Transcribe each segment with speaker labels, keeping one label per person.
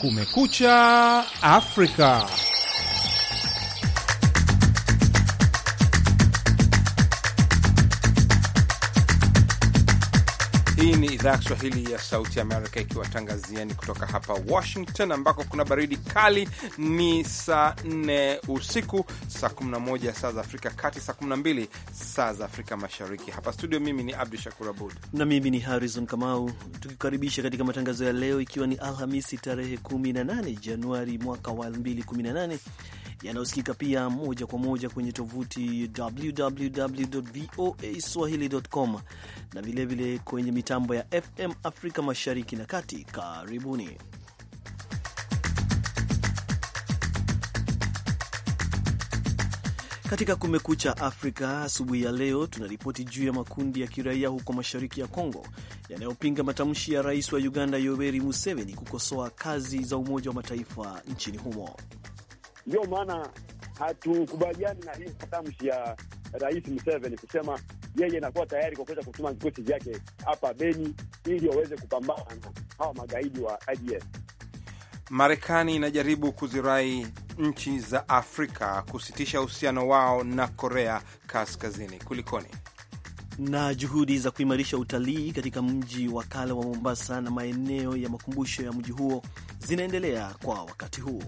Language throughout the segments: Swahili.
Speaker 1: Kumekucha Afrika. idhaa ya Kiswahili ya Sauti ya Amerika ikiwatangazieni kutoka hapa Washington ambako kuna baridi kali. Ni saa 4 usiku, saa 11 saa za Afrika kati, saa 12 saa za Afrika Mashariki. Hapa studio, mimi ni Abdu Shakur Abud
Speaker 2: na mimi ni Harrison Kamau, tukikaribisha katika matangazo ya leo, ikiwa ni Alhamisi tarehe 18 Januari mwaka wa 2018 yanayosikika pia moja kwa moja kwenye tovuti www voa swahili.com na vilevile kwenye mitambo ya FM Afrika Mashariki na Kati. Karibuni. Katika Kumekucha Afrika asubuhi ya leo, tunaripoti juu ya makundi ya kiraia huko mashariki ya Kongo yanayopinga matamshi ya rais wa Uganda Yoweri Museveni kukosoa kazi za Umoja wa Mataifa nchini humo.
Speaker 3: Ndio maana hatukubaliani na hii matamshi ya rais Museveni kusema yeye anakuwa tayari kwa kuweza kutuma vikosi vyake hapa Beni ili waweze kupambana na hawa magaidi wa ADF.
Speaker 1: Marekani inajaribu kuzirai nchi za Afrika kusitisha uhusiano wao na Korea Kaskazini. Kulikoni?
Speaker 2: na juhudi za kuimarisha utalii katika mji wa kale wa Mombasa na maeneo ya makumbusho ya mji huo zinaendelea kwa wakati huo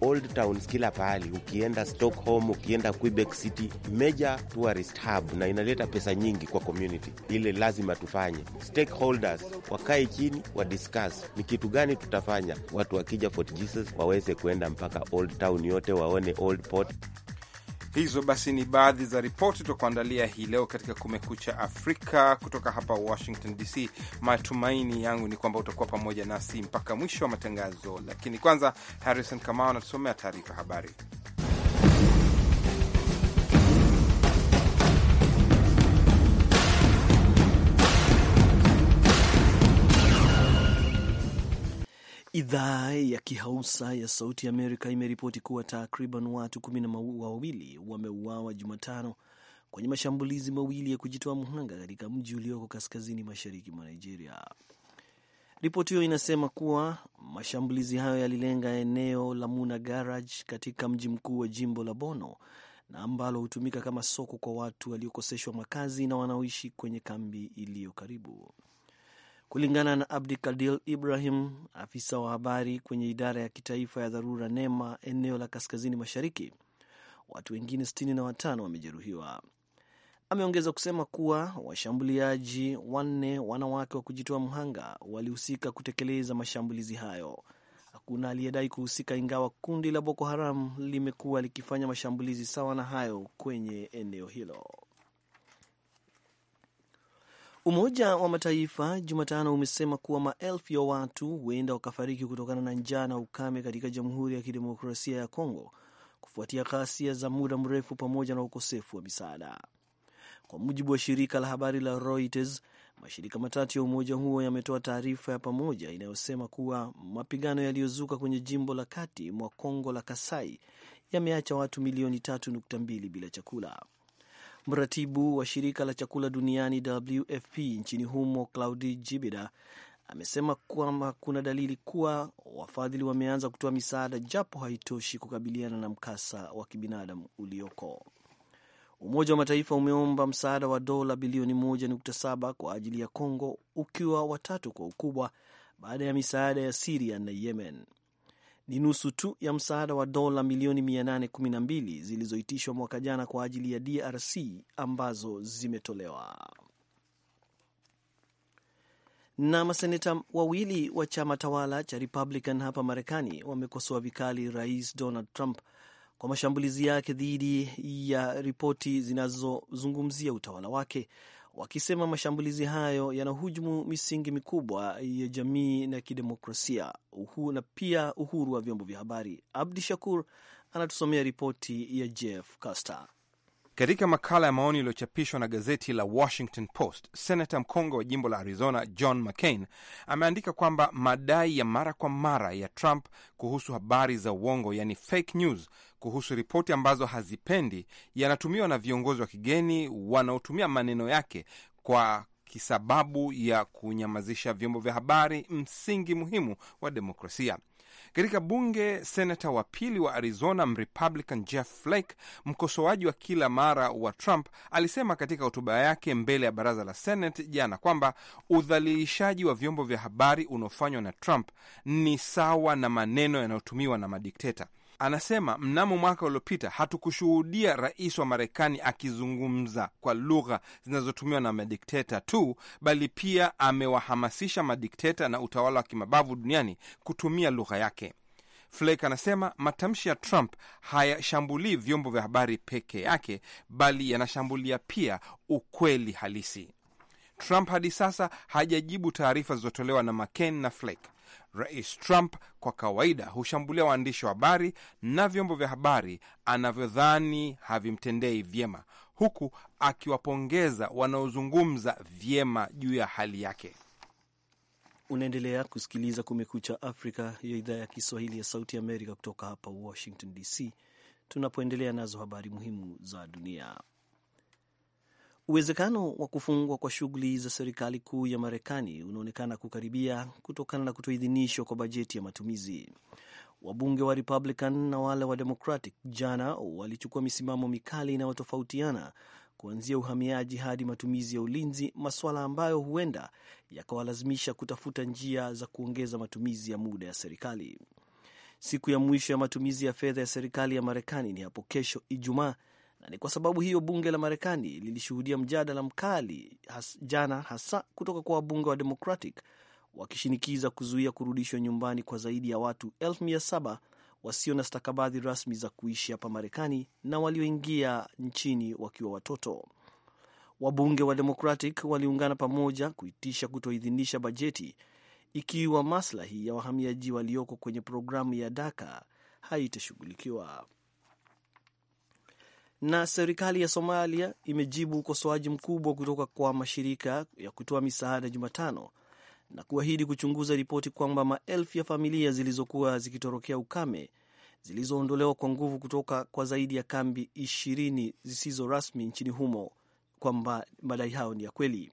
Speaker 4: old towns kila pahali, ukienda Stockholm, ukienda Quebec City, major tourist hub, na inaleta pesa nyingi kwa community ile. Lazima tufanye stakeholders wakae chini discuss ni kitu gani tutafanya, watu wakija Fort Jesus waweze kuenda mpaka old town yote waone old port.
Speaker 1: Hizo basi ni baadhi za ripoti tutakuandalia hii leo katika Kumekucha Afrika kutoka hapa Washington DC. Matumaini yangu ni kwamba utakuwa pamoja nasi mpaka mwisho wa matangazo, lakini kwanza Harrison Kamau anatusomea taarifa habari.
Speaker 2: Idhaa ya Kihausa ya Sauti Amerika imeripoti kuwa takriban watu kumi na wawili wameuawa Jumatano kwenye mashambulizi mawili ya kujitoa mhanga katika mji ulioko kaskazini mashariki mwa Nigeria. Ripoti hiyo inasema kuwa mashambulizi hayo yalilenga eneo la Muna Garage katika mji mkuu wa jimbo la Bono na ambalo hutumika kama soko kwa watu waliokoseshwa makazi na wanaoishi kwenye kambi iliyo karibu kulingana na Abdi Kadil Ibrahim, afisa wa habari kwenye idara ya kitaifa ya dharura NEMA eneo la kaskazini mashariki. Watu wengine 65 na wamejeruhiwa. Ameongeza kusema kuwa washambuliaji wanne wanawake wa kujitoa mhanga walihusika kutekeleza mashambulizi hayo. Hakuna aliyedai kuhusika, ingawa kundi la Boko Haram limekuwa likifanya mashambulizi sawa na hayo kwenye eneo hilo. Umoja wa Mataifa Jumatano umesema kuwa maelfu ya watu huenda wakafariki kutokana na njaa na ukame katika Jamhuri ya Kidemokrasia ya Kongo kufuatia ghasia za muda mrefu pamoja na ukosefu wa misaada. Kwa mujibu wa shirika la habari la Reuters, mashirika matatu ya umoja huo yametoa taarifa ya pamoja inayosema kuwa mapigano yaliyozuka kwenye jimbo la kati mwa Kongo la Kasai yameacha watu milioni 3.2 bila chakula. Mratibu wa shirika la chakula duniani WFP nchini humo Claudi Jibida amesema kwamba kuna dalili kuwa wafadhili wameanza kutoa misaada japo haitoshi kukabiliana na mkasa wa kibinadamu ulioko. Umoja wa Mataifa umeomba msaada wa dola bilioni 1.7 kwa ajili ya congo ukiwa watatu kwa ukubwa baada ya misaada ya Siria na Yemen ni nusu tu ya msaada wa dola milioni 812 zilizoitishwa mwaka jana kwa ajili ya DRC ambazo zimetolewa. Na maseneta wawili wa chama tawala cha Republican hapa Marekani wamekosoa vikali Rais Donald Trump kwa mashambulizi yake dhidi ya ripoti zinazozungumzia utawala wake wakisema mashambulizi hayo yanahujumu misingi mikubwa ya jamii na kidemokrasia uhu, na pia uhuru wa vyombo vya habari. Abdi Shakur anatusomea ripoti ya Jeff
Speaker 1: Caster. Katika makala ya maoni iliyochapishwa na gazeti la Washington Post, senata mkongwe wa jimbo la Arizona John McCain ameandika kwamba madai ya mara kwa mara ya Trump kuhusu habari za uongo, yani fake news, kuhusu ripoti ambazo hazipendi yanatumiwa na viongozi wa kigeni wanaotumia maneno yake kwa kisababu ya kunyamazisha vyombo vya habari, msingi muhimu wa demokrasia. Katika bunge, senata wa pili wa Arizona Mrepublican Jeff Flake, mkosoaji wa kila mara wa Trump, alisema katika hotuba yake mbele ya baraza la Senate jana kwamba udhalilishaji wa vyombo vya habari unaofanywa na Trump ni sawa na maneno yanayotumiwa na madikteta. Anasema mnamo mwaka uliopita hatukushuhudia rais wa Marekani akizungumza kwa lugha zinazotumiwa na madikteta tu, bali pia amewahamasisha madikteta na utawala wa kimabavu duniani kutumia lugha yake. Flake anasema matamshi ya Trump hayashambulii vyombo vya habari peke yake, bali yanashambulia pia ukweli halisi. Trump hadi sasa hajajibu taarifa zilizotolewa na McCain na Flake. Rais Trump kwa kawaida hushambulia waandishi wa habari na vyombo vya habari anavyodhani havimtendei vyema, huku akiwapongeza wanaozungumza vyema juu ya hali yake. Unaendelea kusikiliza Kumekucha Afrika ya idhaa
Speaker 2: ya Kiswahili ya Sauti Amerika kutoka hapa Washington DC, tunapoendelea nazo habari muhimu za dunia. Uwezekano wa kufungwa kwa shughuli za serikali kuu ya Marekani unaonekana kukaribia kutokana na kutoidhinishwa kwa bajeti ya matumizi. Wabunge wa Republican na wale wa Democratic jana walichukua misimamo mikali inayotofautiana kuanzia uhamiaji hadi matumizi ya ulinzi, masuala ambayo huenda yakawalazimisha kutafuta njia za kuongeza matumizi ya muda ya serikali. Siku ya mwisho ya matumizi ya fedha ya serikali ya Marekani ni hapo kesho Ijumaa, na ni kwa sababu hiyo bunge la Marekani lilishuhudia mjadala mkali has, jana hasa kutoka kwa wabunge wa Democratic wakishinikiza kuzuia kurudishwa nyumbani kwa zaidi ya watu elfu mia saba wasio na stakabadhi rasmi za kuishi hapa Marekani na walioingia nchini wakiwa watoto. Wabunge wa Democratic waliungana pamoja kuitisha kutoidhinisha bajeti ikiwa maslahi ya wahamiaji walioko kwenye programu ya DACA haitashughulikiwa na serikali ya Somalia imejibu ukosoaji mkubwa kutoka kwa mashirika ya kutoa misaada Jumatano na kuahidi kuchunguza ripoti kwamba maelfu ya familia zilizokuwa zikitorokea ukame zilizoondolewa kwa nguvu kutoka kwa zaidi ya kambi ishirini zisizo rasmi nchini humo kwamba madai hayo ni ya kweli.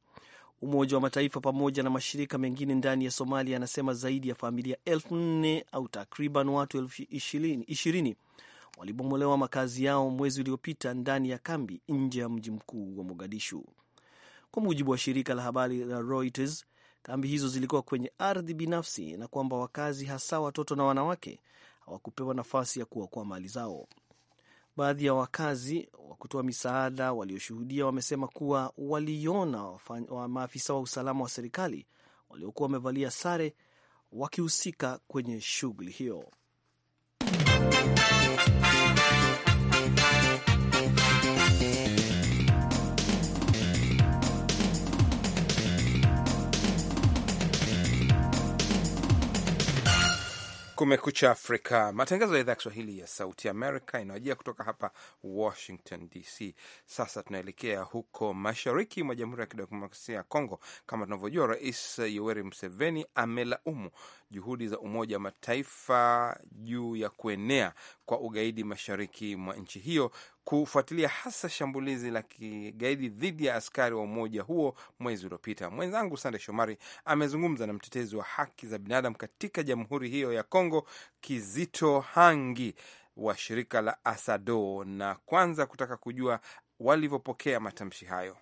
Speaker 2: Umoja wa Mataifa pamoja na mashirika mengine ndani ya Somalia anasema zaidi ya familia elfu nne au takriban watu elfu ishirini walibomolewa makazi yao mwezi uliopita ndani ya kambi nje ya mji mkuu wa Mogadishu. Kwa mujibu wa shirika la habari la Reuters, kambi hizo zilikuwa kwenye ardhi binafsi na kwamba wakazi, hasa watoto na wanawake, hawakupewa nafasi ya kuokoa mali zao. Baadhi ya wakazi wa kutoa misaada walioshuhudia wamesema kuwa waliona wa maafisa wa usalama wa serikali waliokuwa wamevalia sare wakihusika kwenye shughuli hiyo.
Speaker 1: Kumekucha Afrika, matangazo ya idhaa ya Kiswahili ya Sauti Amerika inawajia kutoka hapa Washington DC. Sasa tunaelekea huko mashariki mwa Jamhuri ya Kidemokrasia ya Kongo. Kama tunavyojua, Rais Yoweri Museveni amelaumu juhudi za Umoja wa Mataifa juu ya kuenea kwa ugaidi mashariki mwa nchi hiyo kufuatilia hasa shambulizi la kigaidi dhidi ya askari wa umoja huo mwezi uliopita. Mwenzangu Sande Shomari amezungumza na mtetezi wa haki za binadamu katika jamhuri hiyo ya Kongo, Kizito Hangi wa shirika la Asado, na kwanza kutaka kujua walivyopokea matamshi hayo.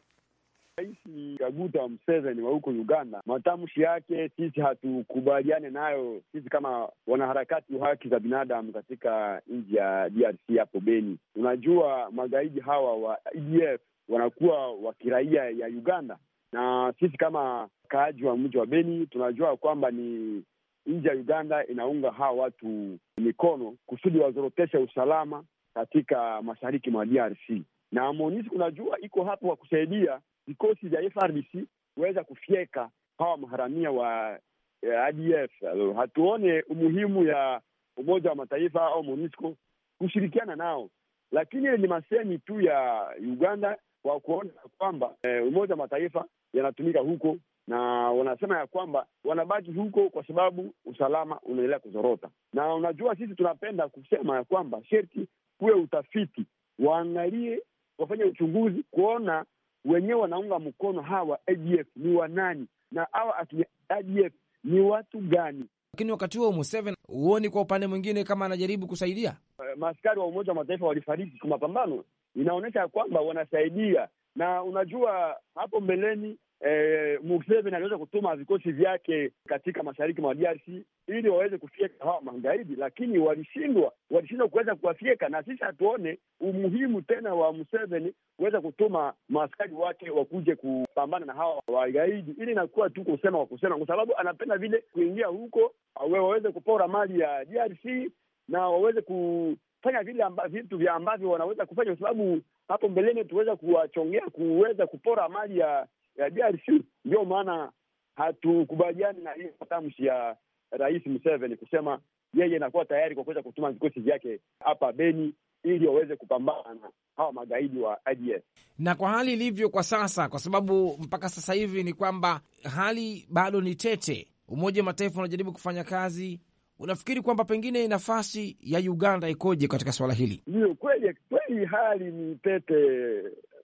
Speaker 3: Rais Kaguta Museveni wa huko Uganda, matamshi yake sisi hatukubaliane nayo, sisi kama wanaharakati wa haki za binadamu katika nchi ya DRC hapo Beni. Unajua magaidi hawa wa ADF e wanakuwa wa kiraia ya Uganda, na sisi kama kaaji wa mji wa Beni tunajua kwamba ni nchi ya Uganda inaunga hawa watu mikono kusudi wazoroteshe usalama katika mashariki mwa DRC na MONUSCO unajua iko hapo kwa kusaidia vikosi vya FRDC kuweza kufyeka hawa maharamia wa eh, ADF. Hatuone umuhimu ya Umoja wa Mataifa au MONUSCO kushirikiana nao, lakini ni masemi tu ya Uganda kwa kuona ya kwamba e, Umoja wa Mataifa yanatumika huko na wanasema ya kwamba wanabaki huko kwa sababu usalama unaendelea kuzorota. Na unajua sisi tunapenda kusema ya kwamba sherti kuwe utafiti, waangalie, wafanye uchunguzi kuona wenyewe wanaunga mkono hawa ADF ni wanani na hawa ADF ni watu gani?
Speaker 5: Lakini wakati huo Museveni huoni
Speaker 3: kwa upande mwingine kama anajaribu kusaidia. Uh, maaskari wa Umoja wa Mataifa walifariki kwa mapambano, inaonyesha ya kwamba wanasaidia. Na unajua hapo mbeleni eh, Museveni aliweza kutuma vikosi vyake katika mashariki mwa DRC ili waweze kufyeka hawa magaidi, lakini walishindwa, walishindwa kuweza kuwafyeka. Na sisi hatuone umuhimu tena wa Museveni kuweza kutuma maaskari wake wakuje kupambana na hawa wagaidi, ili inakuwa tu kusema kwa kusema, kwa sababu anapenda vile kuingia huko waweze kupora mali ya DRC na waweze kufanya vile amba, vitu vya ambavyo wanaweza kufanya, kwa sababu hapo mbeleni tuweza kuwachongea kuweza kupora mali ya ya DRC. Ndio maana hatukubaliani na hiyo matamshi ya Rais Museveni kusema yeye inakuwa tayari kwa kuweza kutuma vikosi vyake hapa Beni ili waweze kupambana na hawa magaidi wa ADF.
Speaker 1: Na kwa hali ilivyo kwa sasa, kwa sababu mpaka sasa hivi ni kwamba hali bado ni tete, Umoja wa Mataifa unajaribu kufanya kazi. Unafikiri kwamba pengine nafasi ya Uganda ikoje katika swala
Speaker 3: hili? Ndiyo, kweli kweli, hali ni tete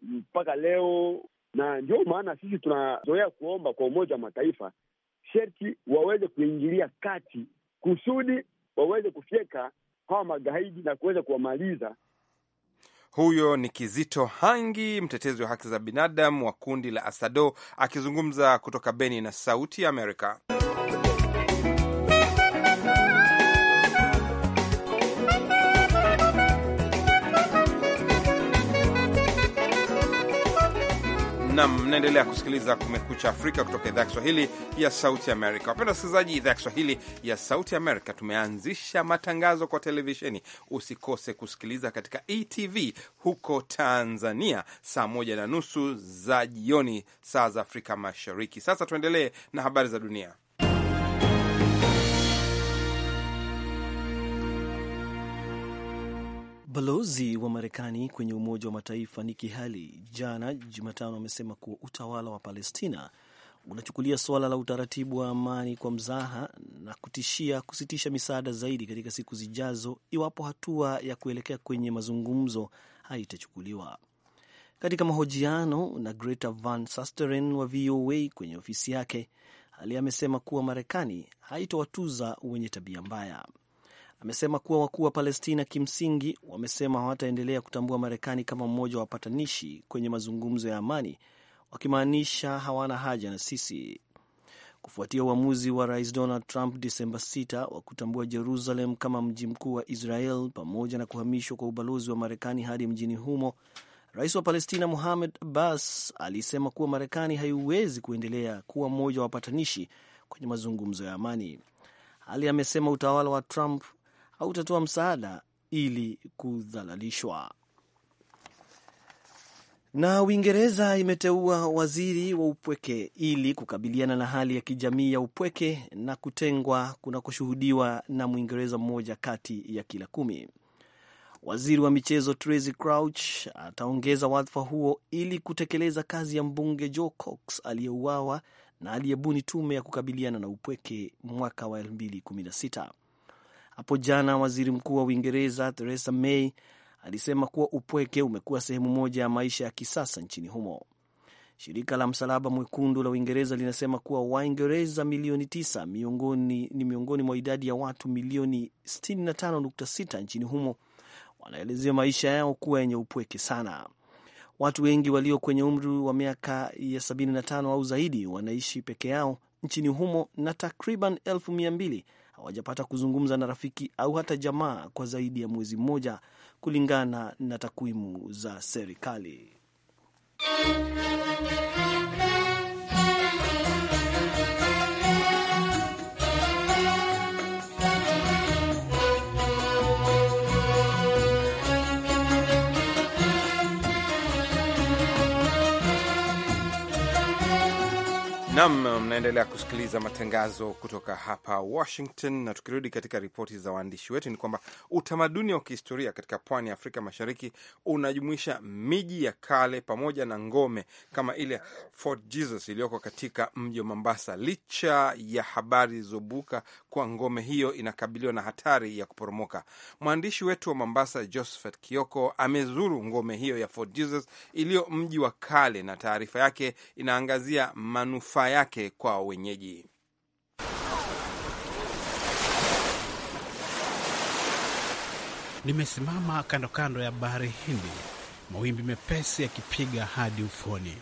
Speaker 3: mpaka leo na ndio maana sisi tunazoea kuomba kwa Umoja wa Mataifa sherti waweze kuingilia kati kusudi waweze kufyeka hawa magaidi na kuweza kuwamaliza.
Speaker 1: Huyo ni Kizito Hangi, mtetezi wa haki za binadamu wa kundi la Asado akizungumza kutoka Beni na Sauti ya Amerika. na mnaendelea kusikiliza Kumekucha Afrika kutoka idhaa ya Kiswahili ya Sauti Amerika. Wapenda wasikilizaji, idhaa ya Kiswahili ya Sauti Amerika tumeanzisha matangazo kwa televisheni. Usikose kusikiliza katika ETV huko Tanzania saa moja na nusu za jioni, saa za Afrika Mashariki. Sasa tuendelee na habari za dunia.
Speaker 2: Balozi wa Marekani kwenye Umoja wa Mataifa Nikki Haley jana Jumatano amesema kuwa utawala wa Palestina unachukulia suala la utaratibu wa amani kwa mzaha na kutishia kusitisha misaada zaidi katika siku zijazo iwapo hatua ya kuelekea kwenye mazungumzo haitachukuliwa. Katika mahojiano na Greta Van Susteren wa VOA kwenye ofisi yake, Haley amesema kuwa Marekani haitowatuza wenye tabia mbaya amesema kuwa wakuu wa Palestina kimsingi wamesema hawataendelea kutambua Marekani kama mmoja wa wapatanishi kwenye mazungumzo ya amani, wakimaanisha hawana haja na sisi. Kufuatia uamuzi wa rais Donald Trump Desemba 6 wa kutambua Jerusalem kama mji mkuu wa Israel pamoja na kuhamishwa kwa ubalozi wa Marekani hadi mjini humo, rais wa Palestina Muhamed Abbas alisema kuwa Marekani haiwezi kuendelea kuwa mmoja wa wapatanishi kwenye mazungumzo ya amani. Hali amesema utawala wa Trump hautatoa msaada ili kudhalalishwa. Na Uingereza imeteua waziri wa upweke ili kukabiliana na hali ya kijamii ya upweke na kutengwa kunakoshuhudiwa na Mwingereza mmoja kati ya kila kumi. Waziri wa michezo Tracey Crouch ataongeza wadhifa huo ili kutekeleza kazi ya mbunge Joe Cox aliyeuawa na aliyebuni tume ya kukabiliana na upweke mwaka wa 2016. Hapo jana waziri mkuu wa Uingereza Theresa May alisema kuwa upweke umekuwa sehemu moja ya maisha ya kisasa nchini humo. Shirika la Msalaba Mwekundu la Uingereza linasema kuwa Waingereza milioni 9 miongoni, ni miongoni mwa idadi ya watu milioni 65.6 nchini humo wanaelezea maisha yao kuwa yenye upweke sana. Watu wengi walio kwenye umri wa miaka ya 75 au zaidi wanaishi peke yao nchini humo na takriban elfu mia mbili hawajapata kuzungumza na rafiki au hata jamaa kwa zaidi ya mwezi mmoja, kulingana na takwimu za serikali.
Speaker 1: Nam, mnaendelea kusikiliza matangazo kutoka hapa Washington. Na tukirudi katika ripoti za waandishi wetu, ni kwamba utamaduni wa kihistoria katika pwani ya Afrika Mashariki unajumuisha miji ya kale pamoja na ngome kama ile Fort Jesus iliyoko katika mji wa Mombasa. Licha ya habari zilizobuka kuwa ngome hiyo inakabiliwa na hatari ya kuporomoka, mwandishi wetu wa Mombasa Josephat Kioko amezuru ngome hiyo ya Fort Jesus iliyo mji wa kale, na taarifa yake inaangazia manufaa yake kwa wenyeji.
Speaker 6: Nimesimama kando kando ya bahari Hindi, mawimbi mepesi yakipiga hadi ufoni.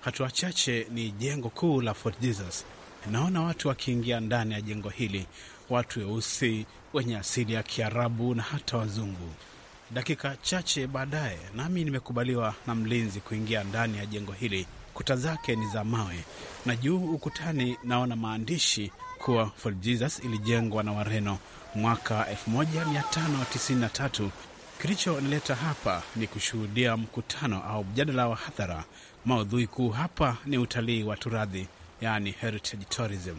Speaker 6: Hatua chache ni jengo kuu la Fort Jesus. Naona watu wakiingia ndani ya jengo hili, watu weusi wenye asili ya Kiarabu na hata wazungu. Dakika chache baadaye, nami nimekubaliwa na mlinzi kuingia ndani ya jengo hili kuta zake ni za mawe na juu ukutani naona maandishi kuwa Fort Jesus ilijengwa na Wareno mwaka 1593. Kilichonileta hapa ni kushuhudia mkutano au mjadala wa hadhara. Maudhui kuu hapa ni utalii wa turadhi, yani heritage tourism,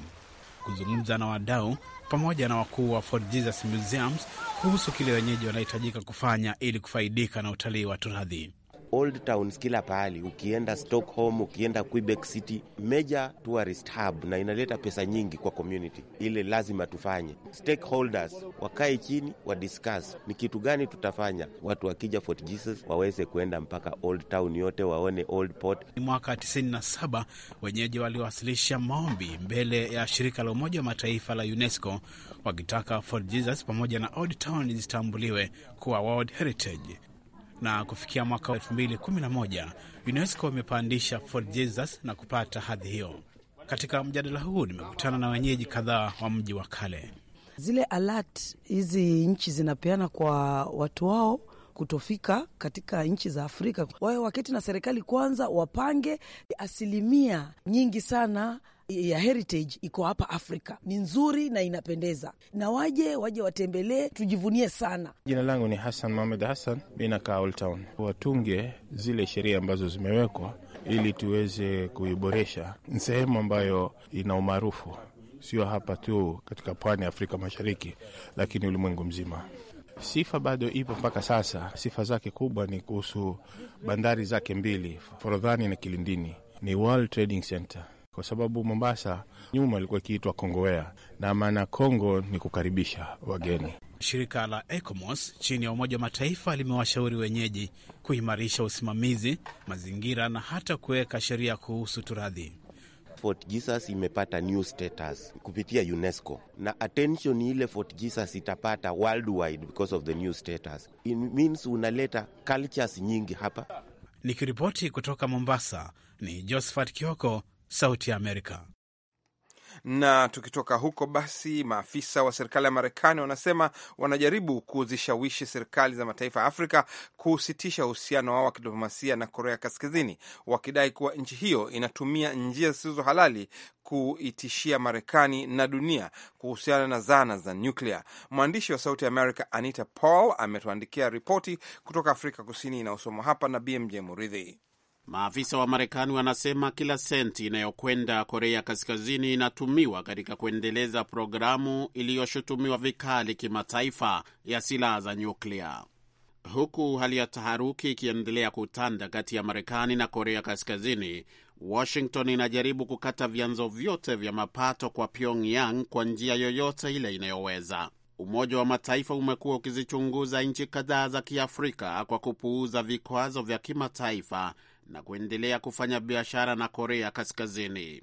Speaker 6: kuzungumza na wadau pamoja na wakuu wa Fort Jesus Museums kuhusu kile wenyeji wanahitajika kufanya ili kufaidika na utalii wa turadhi
Speaker 4: old towns kila pahali, ukienda Stockholm, ukienda Quebec City, major tourist hub, na inaleta pesa nyingi kwa community ile. Lazima tufanye stakeholders wakae chini wa discuss ni kitu gani tutafanya, watu wakija Fort Jesus waweze kuenda mpaka old town yote waone old port.
Speaker 6: Ni mwaka 97 wenyeji waliwasilisha maombi mbele ya shirika la Umoja wa Mataifa la UNESCO wakitaka Fort Jesus pamoja na old town zitambuliwe kuwa world heritage na kufikia mwaka 2011 UNESCO imepandisha Fort Jesus na kupata hadhi hiyo. Katika mjadala huu nimekutana na wenyeji kadhaa wa mji wa kale.
Speaker 5: Zile alert hizi nchi zinapeana kwa watu wao kutofika katika nchi za Afrika, wawe waketi na serikali kwanza, wapange asilimia nyingi sana ya heritage iko hapa Afrika, ni nzuri na inapendeza, na waje waje watembelee, tujivunie sana.
Speaker 7: Jina langu ni Hassan Mohamed Hassan, mi nakaa Old Town. Watunge zile sheria ambazo zimewekwa ili tuweze kuiboresha. Ni sehemu ambayo ina umaarufu, sio hapa tu katika pwani ya Afrika Mashariki, lakini ulimwengu mzima. Sifa bado ipo mpaka sasa. Sifa zake kubwa ni kuhusu bandari zake mbili, Forodhani na Kilindini, ni World Trading Center kwa sababu Mombasa nyuma ilikuwa ikiitwa Kongowea na maana Kongo ni kukaribisha wageni.
Speaker 6: Shirika la ECOMOS chini ya Umoja wa Mataifa limewashauri wenyeji kuimarisha usimamizi mazingira na hata kuweka sheria kuhusu turadhi.
Speaker 4: Fort Jesus imepata new status kupitia UNESCO na attention ile Fort Jesus itapata worldwide because of the new status. It means unaleta cultures nyingi hapa.
Speaker 6: Nikiripoti kutoka Mombasa ni Josephat Kioko Sauti ya Amerika.
Speaker 1: Na tukitoka huko basi, maafisa wa serikali ya Marekani wanasema wanajaribu kuzishawishi serikali za mataifa ya Afrika kusitisha uhusiano wao wa kidiplomasia na Korea Kaskazini, wakidai kuwa nchi hiyo inatumia njia zisizo halali kuitishia Marekani na dunia kuhusiana na zana za nyuklia. Mwandishi wa Sauti ya Anita Paul ametuandikia ripoti kutoka Afrika Kusini inayosomwa hapa na BMJ Muridhi.
Speaker 7: Maafisa wa Marekani wanasema kila senti inayokwenda Korea Kaskazini inatumiwa katika kuendeleza programu iliyoshutumiwa vikali kimataifa ya silaha za nyuklia, huku hali ya taharuki ikiendelea kutanda kati ya Marekani na Korea Kaskazini. Washington inajaribu kukata vyanzo vyote vya mapato kwa Pyongyang kwa njia yoyote ile inayoweza. Umoja wa Mataifa umekuwa ukizichunguza nchi kadhaa za Kiafrika kwa kupuuza vikwazo vya kimataifa na kuendelea kufanya biashara na Korea Kaskazini.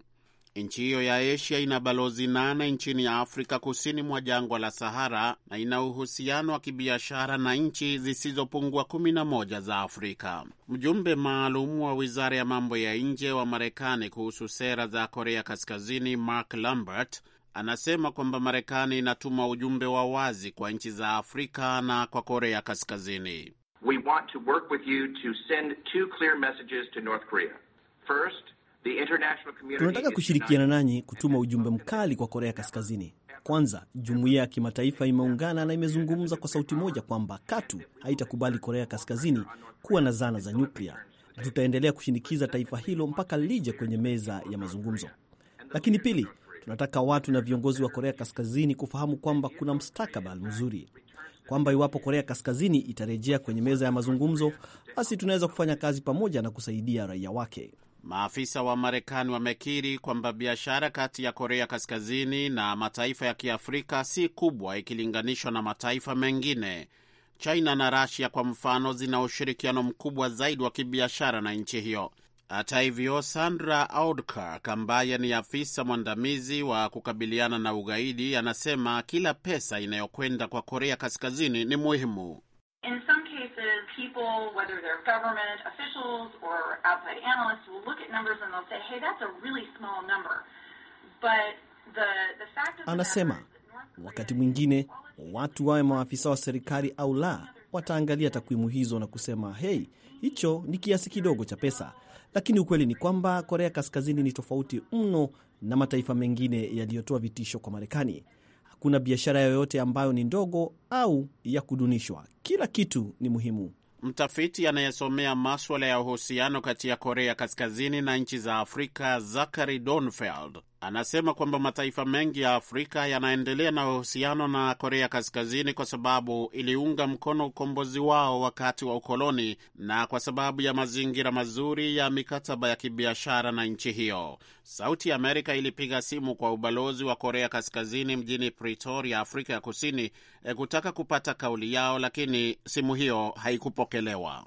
Speaker 7: Nchi hiyo ya Asia ina balozi nane nchini ya Afrika kusini mwa jangwa la Sahara na ina uhusiano wa kibiashara na nchi zisizopungua 11 za Afrika. Mjumbe maalum wa wizara ya mambo ya nje wa Marekani kuhusu sera za Korea Kaskazini, Mark Lambert, anasema kwamba Marekani inatuma ujumbe wa wazi kwa nchi za Afrika na kwa Korea Kaskazini.
Speaker 1: We want to work with you to send two clear messages to North Korea. First, the international community. Tunataka kushirikiana nanyi
Speaker 2: kutuma ujumbe mkali kwa Korea Kaskazini. Kwanza, jumuiya ya kimataifa imeungana na imezungumza kwa sauti moja kwamba katu haitakubali Korea Kaskazini kuwa na zana za nyuklia. Tutaendelea kushinikiza taifa hilo mpaka lije kwenye meza ya mazungumzo. Lakini pili, Tunataka watu na viongozi wa Korea Kaskazini kufahamu kwamba kuna mustakabali mzuri, kwamba iwapo Korea Kaskazini itarejea kwenye meza ya mazungumzo, basi tunaweza kufanya kazi pamoja na kusaidia raia wake.
Speaker 7: Maafisa wa Marekani wamekiri kwamba biashara kati ya Korea Kaskazini na mataifa ya Kiafrika si kubwa ikilinganishwa na mataifa mengine. China na Rasia kwa mfano, zina ushirikiano mkubwa zaidi wa kibiashara na nchi hiyo. Hata hivyo, Sandra Audkirk ambaye ni afisa mwandamizi wa kukabiliana na ugaidi anasema kila pesa inayokwenda kwa Korea Kaskazini ni muhimu.
Speaker 4: Anasema
Speaker 2: wakati mwingine watu wawe maafisa wa serikali au la, wataangalia takwimu hizo na kusema hei, hicho ni kiasi kidogo cha pesa, lakini ukweli ni kwamba Korea Kaskazini ni tofauti mno na mataifa mengine yaliyotoa vitisho kwa Marekani. Hakuna biashara yoyote ambayo ni ndogo au ya kudunishwa. Kila kitu ni muhimu.
Speaker 7: Mtafiti anayesomea maswala ya uhusiano kati ya Korea Kaskazini na nchi za Afrika, Zachary Donfeld, Anasema kwamba mataifa mengi ya Afrika yanaendelea na uhusiano na Korea Kaskazini kwa sababu iliunga mkono ukombozi wao wakati wa ukoloni na kwa sababu ya mazingira mazuri ya mikataba ya kibiashara na nchi hiyo. Sauti ya Amerika ilipiga simu kwa ubalozi wa Korea Kaskazini mjini Pretoria, Afrika ya Kusini, eh, kutaka kupata kauli yao, lakini simu hiyo haikupokelewa.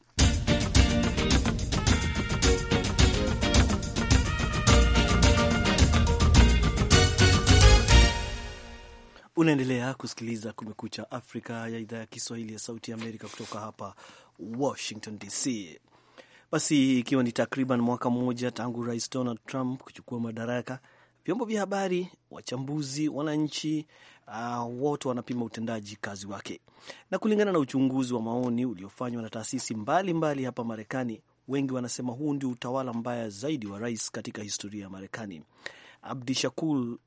Speaker 2: Unaendelea kusikiliza Kumekucha Afrika ya idhaa ya Kiswahili ya Sauti ya Amerika kutoka hapa Washington DC. Basi ikiwa ni takriban mwaka mmoja tangu Rais Donald Trump kuchukua madaraka, vyombo vya habari, wachambuzi, wananchi uh, wote wanapima utendaji kazi wake, na kulingana na uchunguzi wa maoni uliofanywa na taasisi mbalimbali mbali hapa Marekani, wengi wanasema huu ndio utawala mbaya zaidi wa rais katika historia ya Marekani. Abdi Shakul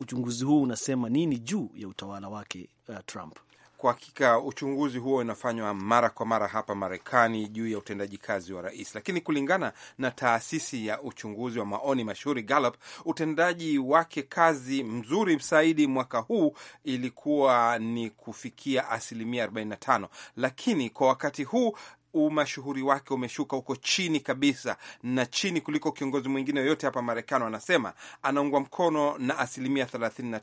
Speaker 2: uchunguzi huu unasema nini juu ya utawala wake uh, Trump?
Speaker 1: Kwa hakika uchunguzi huo unafanywa mara kwa mara hapa Marekani juu ya utendaji kazi wa rais, lakini kulingana na taasisi ya uchunguzi wa maoni mashuhuri Gallup, utendaji wake kazi mzuri msaidi mwaka huu ilikuwa ni kufikia asilimia 45, lakini kwa wakati huu umashuhuri wake umeshuka huko chini kabisa na chini kuliko kiongozi mwingine yoyote hapa Marekani. Wanasema anaungwa mkono na asilimia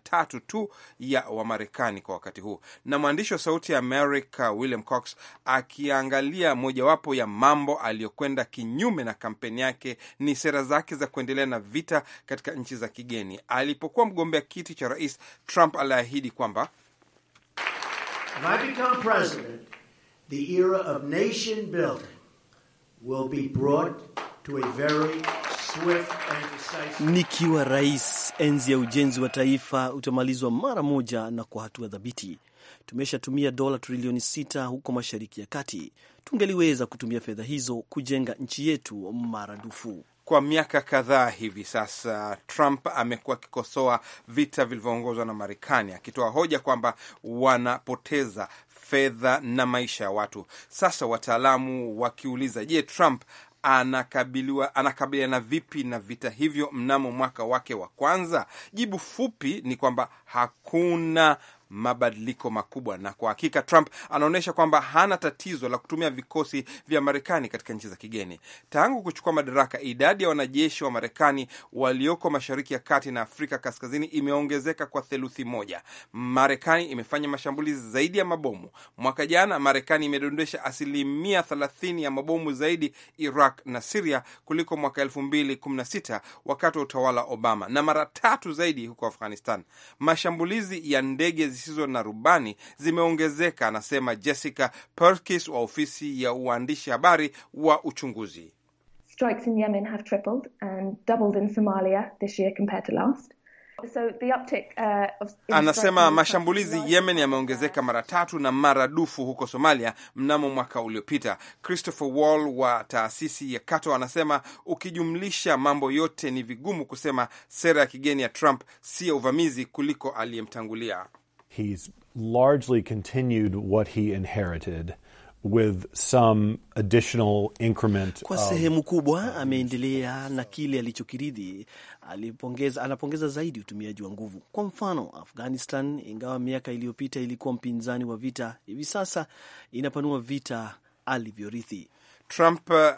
Speaker 1: tatu tu ya Wamarekani kwa wakati huu. Na mwandishi wa Sauti ya America William Cox akiangalia mojawapo ya mambo aliyokwenda kinyume na kampeni yake ni sera zake za kuendelea na vita katika nchi za kigeni. Alipokuwa mgombea kiti cha rais, Trump aliahidi kwamba
Speaker 2: If I the era of nation building will be
Speaker 4: brought to a very swift and decisive.
Speaker 2: Nikiwa rais, enzi ya ujenzi wa taifa utamalizwa mara moja na kwa hatua dhabiti. Tumeshatumia dola trilioni sita huko Mashariki ya Kati. Tungeliweza kutumia fedha hizo kujenga
Speaker 1: nchi yetu maradufu. Kwa miaka kadhaa hivi sasa, Trump amekuwa akikosoa vita vilivyoongozwa na Marekani, akitoa hoja kwamba wanapoteza fedha na maisha ya watu. Sasa wataalamu wakiuliza, je, Trump anakabiliwa anakabiliana vipi na vita hivyo mnamo mwaka wake wa kwanza? Jibu fupi ni kwamba hakuna mabadiliko makubwa, na kwa hakika Trump anaonyesha kwamba hana tatizo la kutumia vikosi vya Marekani katika nchi za kigeni. Tangu kuchukua madaraka, idadi ya wanajeshi wa Marekani walioko Mashariki ya Kati na Afrika Kaskazini imeongezeka kwa theluthi moja. Marekani imefanya mashambulizi zaidi ya mabomu. Mwaka jana, Marekani imedondesha asilimia thelathini ya mabomu zaidi Iraq na Siria kuliko mwaka elfu mbili kumi na sita wakati wa utawala Obama, na mara tatu zaidi huko Afghanistan. Mashambulizi ya ndege zisizo na rubani zimeongezeka, anasema Jessica Perkis wa ofisi ya uandishi habari wa uchunguzi.
Speaker 5: Strikes in Yemen have tripled and doubled in Somalia this year compared to last.
Speaker 3: So the uptick, uh, anasema mashambulizi
Speaker 1: Yemen yameongezeka mara tatu na mara dufu huko Somalia mnamo mwaka uliopita. Christopher Wall wa taasisi ya Cato anasema ukijumlisha mambo yote ni vigumu kusema sera ya kigeni ya Trump si ya uvamizi kuliko aliyemtangulia
Speaker 5: he's largely continued what he inherited with some additional increment. Kwa sehemu
Speaker 2: kubwa ameendelea na kile alichokiridhi. Alipongeza, anapongeza zaidi utumiaji wa nguvu. Kwa mfano, Afghanistan, ingawa miaka iliyopita ilikuwa mpinzani wa vita, hivi sasa inapanua vita
Speaker 1: alivyorithi. Trump uh,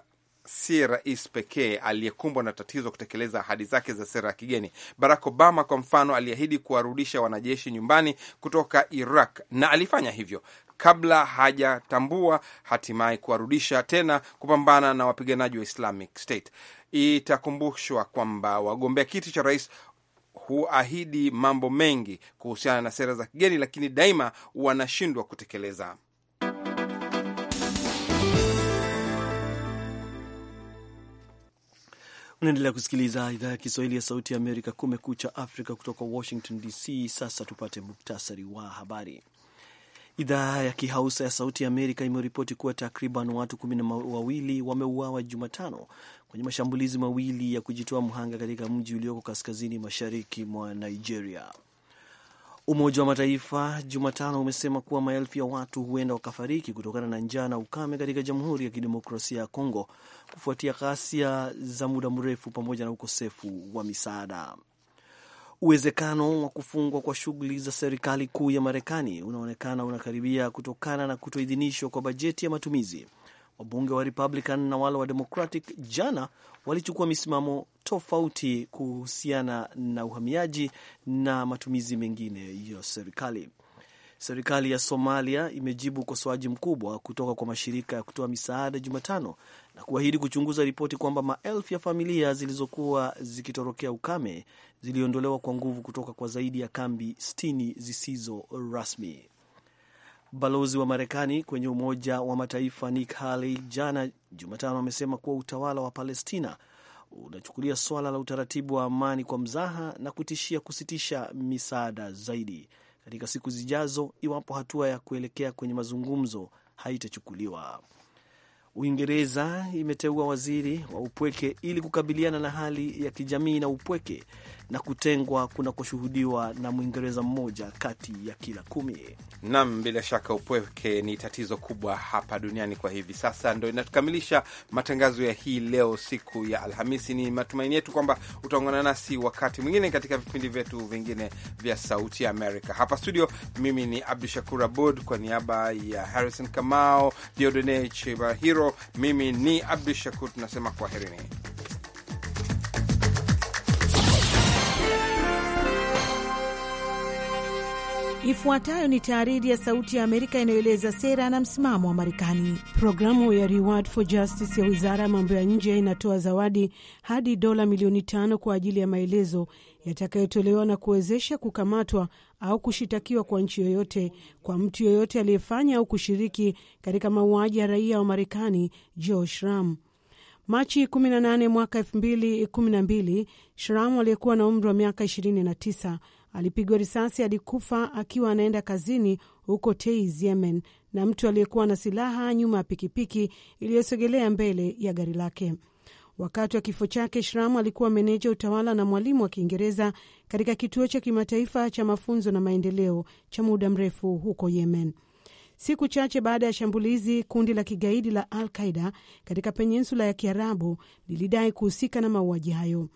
Speaker 1: si rais pekee aliyekumbwa na tatizo kutekeleza ahadi zake za sera ya kigeni. Barack Obama kwa mfano aliahidi kuwarudisha wanajeshi nyumbani kutoka Iraq na alifanya hivyo kabla hajatambua hatimaye kuwarudisha tena kupambana na wapiganaji wa Islamic State. Itakumbushwa kwamba wagombea kiti cha rais huahidi mambo mengi kuhusiana na sera za kigeni, lakini daima wanashindwa kutekeleza.
Speaker 2: Unaendelea kusikiliza idhaa ya Kiswahili ya Sauti ya Amerika, Kumekucha Afrika, kutoka Washington DC. Sasa tupate muktasari wa habari. Idhaa ya Kihausa ya Sauti ya Amerika imeripoti kuwa takriban watu kumi na wawili wameuawa Jumatano kwenye mashambulizi mawili ya kujitoa mhanga katika mji ulioko kaskazini mashariki mwa Nigeria. Umoja wa Mataifa Jumatano umesema kuwa maelfu ya watu huenda wakafariki kutokana na njaa na ukame katika Jamhuri ya Kidemokrasia ya Kongo kufuatia ghasia za muda mrefu pamoja na ukosefu wa misaada. Uwezekano wa kufungwa kwa shughuli za serikali kuu ya Marekani unaonekana unakaribia kutokana na kutoidhinishwa kwa bajeti ya matumizi wabunge wa Republican na wale wa Democratic jana walichukua misimamo tofauti kuhusiana na uhamiaji na matumizi mengine ya serikali. Serikali ya Somalia imejibu ukosoaji mkubwa kutoka kwa mashirika ya kutoa misaada Jumatano na kuahidi kuchunguza ripoti kwamba maelfu ya familia zilizokuwa zikitorokea ukame ziliondolewa kwa nguvu kutoka kwa zaidi ya kambi sitini zisizo rasmi. Balozi wa Marekani kwenye Umoja wa Mataifa Nick Haley jana Jumatano amesema kuwa utawala wa Palestina unachukulia swala la utaratibu wa amani kwa mzaha na kutishia kusitisha misaada zaidi katika siku zijazo iwapo hatua ya kuelekea kwenye mazungumzo haitachukuliwa. Uingereza imeteua waziri wa upweke ili kukabiliana na hali ya kijamii na upweke na kutengwa kunakoshuhudiwa na Mwingereza mmoja kati ya kila kumi.
Speaker 1: Nam, bila shaka upweke ni tatizo kubwa hapa duniani kwa hivi sasa. Ndo inatukamilisha matangazo ya hii leo, siku ya Alhamisi. Ni matumaini yetu kwamba utaungana nasi wakati mwingine katika vipindi vyetu vingine vya Sauti ya Amerika. Hapa studio, mimi ni Abdu Shakur Abud kwa niaba ya Harrison Kamau, Diodone Chibahiro mimi ni Abdu Shakur, tunasema kwaherini.
Speaker 5: Ifuatayo ni tahariri ya Sauti ya Amerika inayoeleza sera na msimamo wa Marekani. Programu ya Reward for Justice ya wizara ya mambo ya nje inatoa zawadi hadi dola milioni tano kwa ajili ya maelezo yatakayotolewa na kuwezesha kukamatwa au kushitakiwa kwa nchi yoyote kwa mtu yoyote aliyefanya au kushiriki katika mauaji ya raia wa Marekani Joe Shram. Machi 18 mwaka 2012, Shram aliyekuwa na umri wa miaka 29 alipigwa risasi hadi kufa akiwa anaenda kazini huko Taiz, Yemen, na mtu aliyekuwa na silaha nyuma ya pikipiki iliyosogelea mbele ya gari lake. Wakati wa kifo chake, Shram alikuwa meneja utawala na mwalimu wa Kiingereza katika kituo cha kimataifa cha mafunzo na maendeleo cha muda mrefu huko Yemen. Siku chache baada ya shambulizi, kundi la kigaidi la Al Qaida katika peninsula ya Kiarabu lilidai kuhusika na mauaji hayo.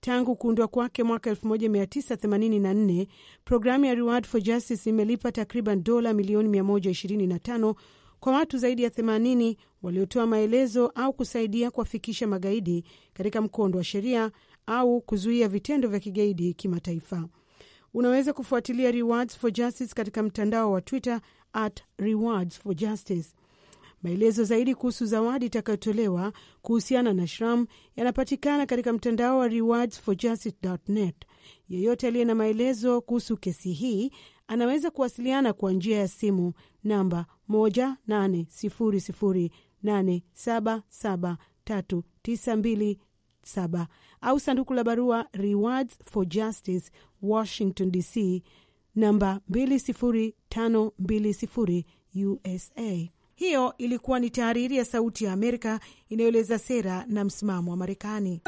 Speaker 5: Tangu kuundwa kwake mwaka 1984 programu ya Reward for Justice imelipa takriban dola milioni 125 kwa watu zaidi ya 80 waliotoa maelezo au kusaidia kuwafikisha magaidi katika mkondo wa sheria au kuzuia vitendo vya kigaidi kimataifa. Unaweza kufuatilia Rewards for Justice katika mtandao wa Twitter at Rewards for Justice. Maelezo zaidi kuhusu zawadi itakayotolewa kuhusiana na Shram yanapatikana katika mtandao wa rewardsforjustice.net. Yeyote aliye na maelezo kuhusu kesi hii anaweza kuwasiliana kwa njia ya simu namba 18008773927 au sanduku la barua Rewards for Justice, Washington DC, namba 20520 USA. Hiyo ilikuwa ni tahariri ya Sauti ya Amerika inayoeleza sera na msimamo wa Marekani.